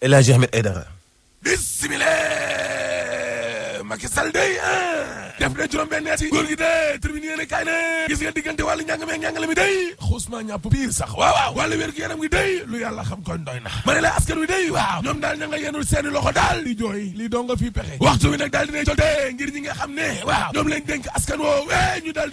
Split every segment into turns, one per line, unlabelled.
El Hadji Ahmed Aidara bismillah Macky Sall day def na juróom-benn at yi góor gi de tribune yéene kaay ne gis nga diggante wàllu njàng meeg mi day xuusma ñàpp biir sax waaw waaw wàllu wér gu yaram gi day lu yàlla xam koñ doy na ma ne la askan wi day waaw ñoom daal ña nga yenul seeni loxo di jooy li doo nga fii pexe waxtu wi nag daal dina jolte ngir ñi ñu daal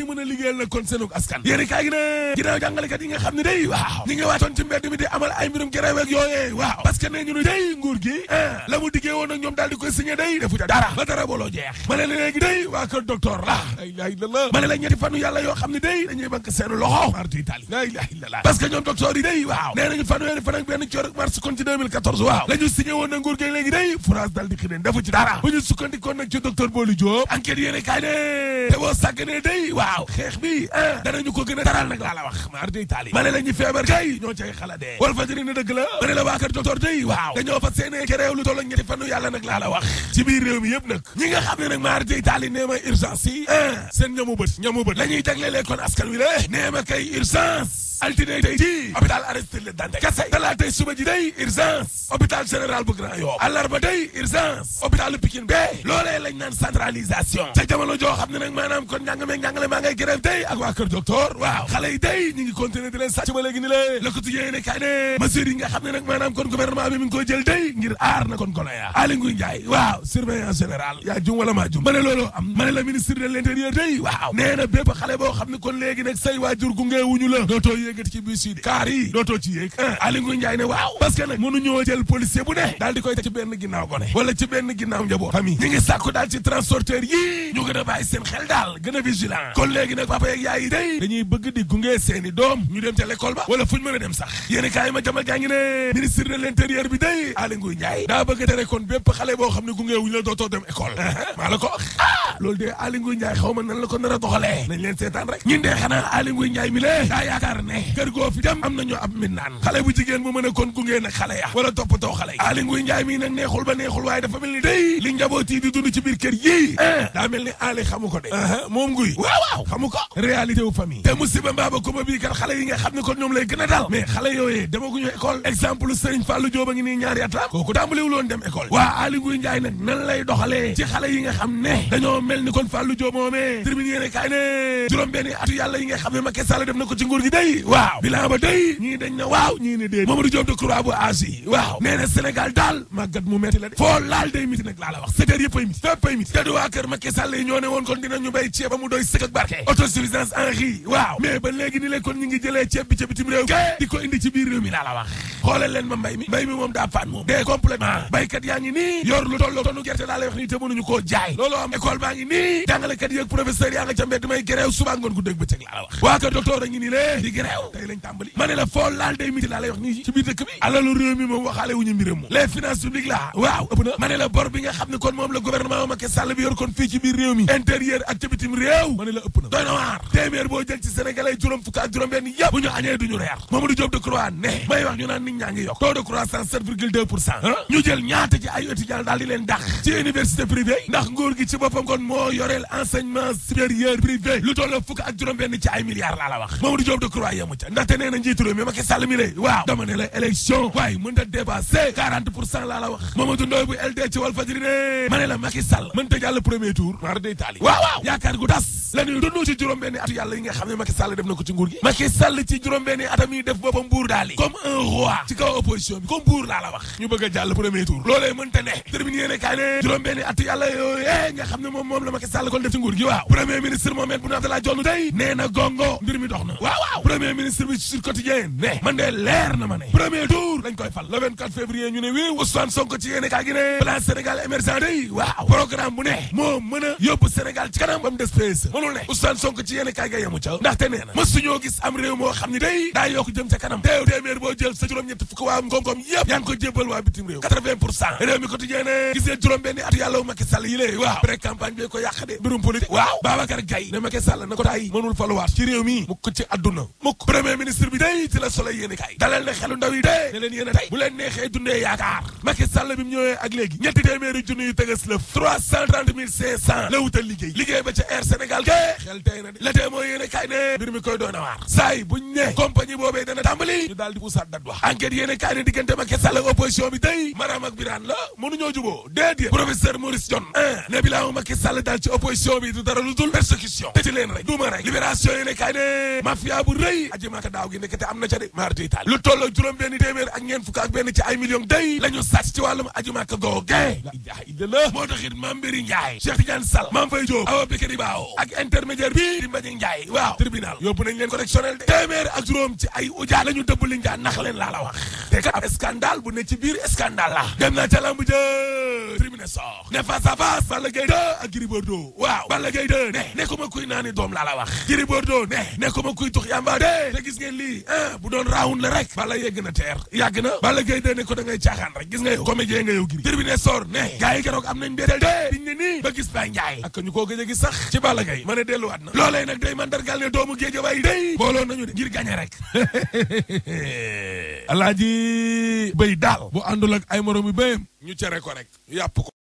a liggéeyal nguur gi ah la mu diggee woon nag ñoom daal di koy signé day defu ca ba dara booloo ma ne léegi day waa kër docteur la la ilaha illallah ma ne la ñetti fanu yàlla yoo xam ne day dañuy bank seen loxo martu itali la ilaha illallah parce que ñoom docteur yi day waaw nee nañu fanweeri fan ak benn coor mars kon ci 2014 waaw la ñu signé woon na nguur gi léegi day France dal di xideen defu ci dara bu ñu sukkandikoon nag ci docteur Booli Diop enquête yéene kaay ne te boo sàgganee day waaw xeex bi ah danañu ko gën a taral nag laa la wax martu itali ma ne la ñu feebar day ñoo cay xala dee wal fajiri ne dëgg la ma ne la waa kër docteur day waaw dañoo fa seenee ci réew lu tollu ñetti fanu yàlla nag laa la wax ci biir réew mi yëpp nag ñi nga xam ne nag martu itali ne ma urgence yi eh. seen ñamu bët ñamu bët la ñuy jaglelee kon askan wi la eh, nee ma kay urgence altine tey jii hôpital Aristide Le Dantec kese talaata suba ji day urgence hôpital général bu Grand Yoff àllarba day urgence hôpital Pikine bee loolee lañ naan centralisation ca jamono joo xam ne maanaam kon njàng meeg njàngale maa ngay grève day ak waa kër docteur waaw xale yi ñu ngi continuer di leen sàcc ba léegi ni lee Le Quotidien ne kay ne mesures yi nga ne maanaam kon gouvernement bi mi ngi jël day ngir aar na kon gone yaa yaa jum wala maa jum ma yëkkati ci bus yi kaar yi dootoo ci yéeg eh, Aly Ngouille Ndiaye ne waaw parce que nag mënuñoo jël policier bu ne daal di koy teg ci benn ginnaaw gone wala ci benn ginnaaw njaboot famille ñi ngi sàkku daal ci transporteur yi ñu gën a bàyyi seen xel daal gën a vigilant kon léegi nag papa yeeg yaay yi day dañuy bëgg di gunge seeni doom ñu dem ca l'école ba wala fu ñu mën a dem sax yéeni kaay ma jamal jaa ngi ne ministre de l'intérieur bi day Aly Ngouille Ndiaye daa bëgg kon bépp xale boo xam ne gunge wuñu la dootoo dem école eh, maa la ko wax ah! loolu de Aly Ngouille Ndiaye a doxalee rek ñun mi le daa yaakaar ne kër goo fi dem am na ñoo ab mindaan xale bu jigéen bu mën a kon gungee nag xale ya wala toppatoo too yi Aly Ngouille Ndiaye mii nag neexul ba neexul waaye dafa mel ni day li njaboot yi ko de uh-huh. moom nguy ko réalité wu famille xale yi nga xam ne kon ñoom lay gën a dal mais xale yooyee demaguñu école exemple Serigne Fallou Diop a ngi nii ñaari at dem école waa Aly Ngouille Ndiaye nag yi nga xam ne dañoo mel ni kon Fallou Diop moomee terminé yéene kaay ne juróom benn atu yàlla yi nga xam ne Macky Sall def na ko ci nguur gi day waaw bilan ba day ñii dañ na waaw ñii ne dee Mamadou Diop Decroix bu Asie waaw nee Sénégal daal màggat mu metti la de foo laal day miti nag laa la wax secteur yëpp ay miti fépp ay miti te du waa kër Macky ñoo ne woon kon dinañu béy ceeb ba mu doy sëkk ak barke autosuffisance en waaw mais ba léegi ni leen ñu ngi jëlee ceeb bi ca bitim réew ke di ko indi ci biir réew mi laa la wax xoolal leen ma mbay mi mbay mi moom daa faan moom dee complètement ah. a ngi nii lée waaw la foo laal day miti laa lay wax nii ci biir dëkk bi alalu réew mi moom waxaale wuñu moom les finances publiques la waaw ëpp na ma la bor bi xam ne kon moom la gouvernement Macky Sall bi yor kon ci biir réew intérieur ak ca bitim la ëpp na doy na waar téeméer boo jël ci sénégalais juróom fukk ak juróom benn yëpp bu ñu añee duñu reer Mamadou Diop Decroix ne may wax ñu naan nit ñaa ngi yokk taux de croissance 7,2 pour cent ñu jël yemu ca ndaxte nee njiitu réew mi Macky mi de waaw dama ne la élection waaye mën ta dépasser quarante pour cent laa la wax Mamadou Ndoye bu LD ci Walfadjri ne ma ne la Macky Sall mën ta jàll premier tour mar day taali waaw waaw yaakaar gu tas la ñuy dund ci juróom-benni atu yàlla def na ko daali comme un roi ci kaw opposition bi comme buur laa la wax ñu bëgg a jàll premier tour loolee mënta ne terminé yéene kaay ne juróom-benni atu yàlla yooyu ministre bi ci Sud Quotidien ne man de leer na ma ne premier tour lañ koy fal le ñu ne wii Ousmane Sonko ci yéene kaa gi ne plan Sénégal émergent day waaw programme bu ne moo mën a yóbbu ci kanam ba mu des PSE mënul ne Ousmane ci yéene kaa ga yemu ca ndaxte nee na mësuñoo gis am réew moo xam ne day daa yokk jëm ca kanam teew téeméer boo jël sa juróom-ñett fukk waa ngoom-ngoom yëpp yaa ko jébbal waa bitim réew 80 mi ko ci réew mi premier ministre bi day ci la Soleil yéen i dalal ne xelu ndaw yi dee ne tey bu leen neexee dundee yaakaar Macky Sall bi mu ñëwee ak léegi ñetti téeméeri junni yu lëf la wutal liggéey liggéey ba ca Air Sénégal ke xel tey na la tee mooy yéen ne mbir mi koy doon a saay buñ ne compagnie boobee dana tàmbali ñu daal di usaat dat wax enquête yéen a ne diggante Macky Sall ak bi day maram ak biraan la mënuñoo juboo déedéet professeur Maurice John un aji maka daaw gi nekkate am na ca de mardi itaali lu tolloo juróom benn téeméer ak ñeen fukk ak benn ci ay millions day la ñu ci wàllum aji maka googe moo taxit Mame Mbéri ak intermédiaire bi di Mbagnick Ndiaye waaw tribunal yóbbu nañ leen correctionnel de téeméer ak juróom ci ay uja la ñu dëbb li njaa nax leen laa wax te kat ne ne face kuy naani doom laa wax Gris Bordeaux ne nekkuma kuy tux yamba de te gis ngeen lii ah bu doon raawun la rek bala yegg na teer yàgg na bala gay dee ne ko da ngay caaxaan rek gis nga yow comédien nga yow giri tribune sor ne gars yi keroog am nañ mbetteel de biñ ne nii ba gis Baye Ndiaye ak ñu koo gëj a gis sax ci Balla Gaye ma ne delluwaat na loolee nag day mandargal ne doomu géej waay day booloo nañu de ngir gagné rek alaaji béy daal bu àndul ak ay moromi béyam ñu cere ko rek yàpp ko